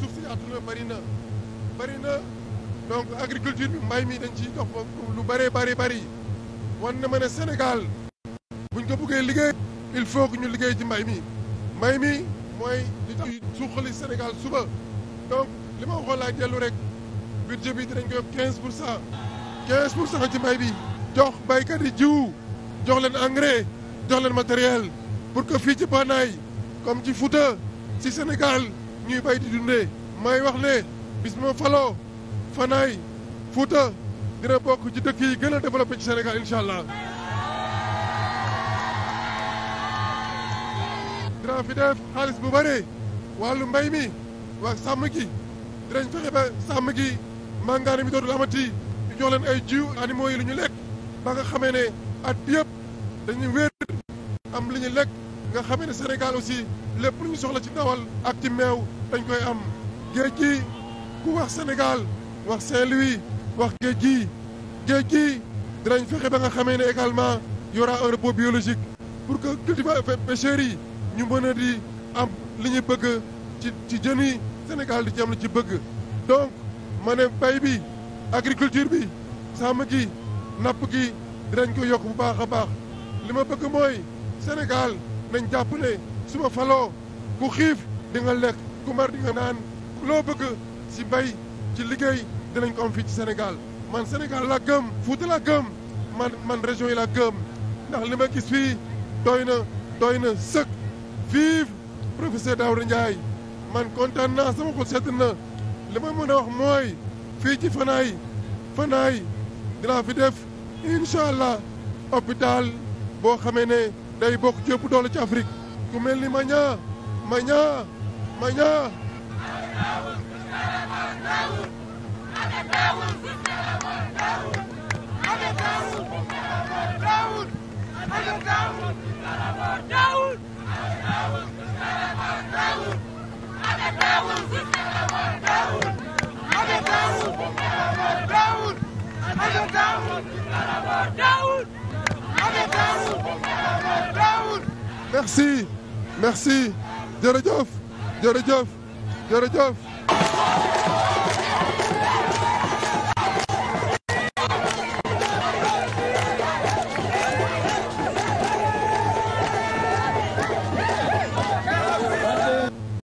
suuf si àdduna na bëri na donc agriculture bi mbay mi dañ ci dox lu bëree bëri bari wan na ma ne Sénégal buñ ko buggee liggéey il faut que ñu liggéey ci mbay mi mbay mi mooy li tax suuxali Sénégal suba donc li ma waxoon laa dellu rek budget bi dinañ ko yokk 15 pour cent ci mbay bi jox baykat yi jiw jox leen engrais jox leen matériel pour que fii ci Panaay comme ci Fouta ci Sénégal ñuy bay di dundee may wax ne bis ma faloo Fanaay Fuuta dina bokk ci dëkk yi gën a développé ci Sénégal incha allah. dinaa fi def xaalis bu bëri wàllu mbay mi waa sàmm gi dinañ fexe ba sàmm gi màngaane mi dootul amati ñu jox leen ay jiw animaux yi lu ñu lekk ba nga xame ne at bi yëpp dañuy wéer am li ñu lekk nga xamee ne Sénégal aussi lépp lu ñu soxla ci ndawal ak ci meew. dañ koy am géej gi ku wax Sénégal wax Saint-Louis wax géej gi géej gi dinañ fexe ba nga xamee ne également y aura un pour que cultivateurs pêcheurs yi ñu mën a di am li ñu bëgg ci ci jën yi Sénégal di ci ci bëgg donc ma ne bay bi agriculture bi sàmm gi napp gi dinañ ko yokk bu baax a baax li ma bëgg mooy Sénégal nañ jàpp ne su ma faloo ku xiif di nga lekk ku mar di nga naan loo bëgg si bay ci liggéey dinañ ko am fii ci Sénégal man Sénégal laa gëm Fuuta laa gëm man man région yi laa ndax li ma gis fii doy na doy na sëkk vive professeur Daouda Ndiaye man kontaan naa sama xol sedd na li wax mooy fii ci fanaay fanaay dinaa fi def incha allah hôpital boo xamee ne day bokk ci ëpp doole ci Afrique ku mel ni Magna Magna Manhã. Merci, merci, jërëjëf. jërëjëf jërëjëf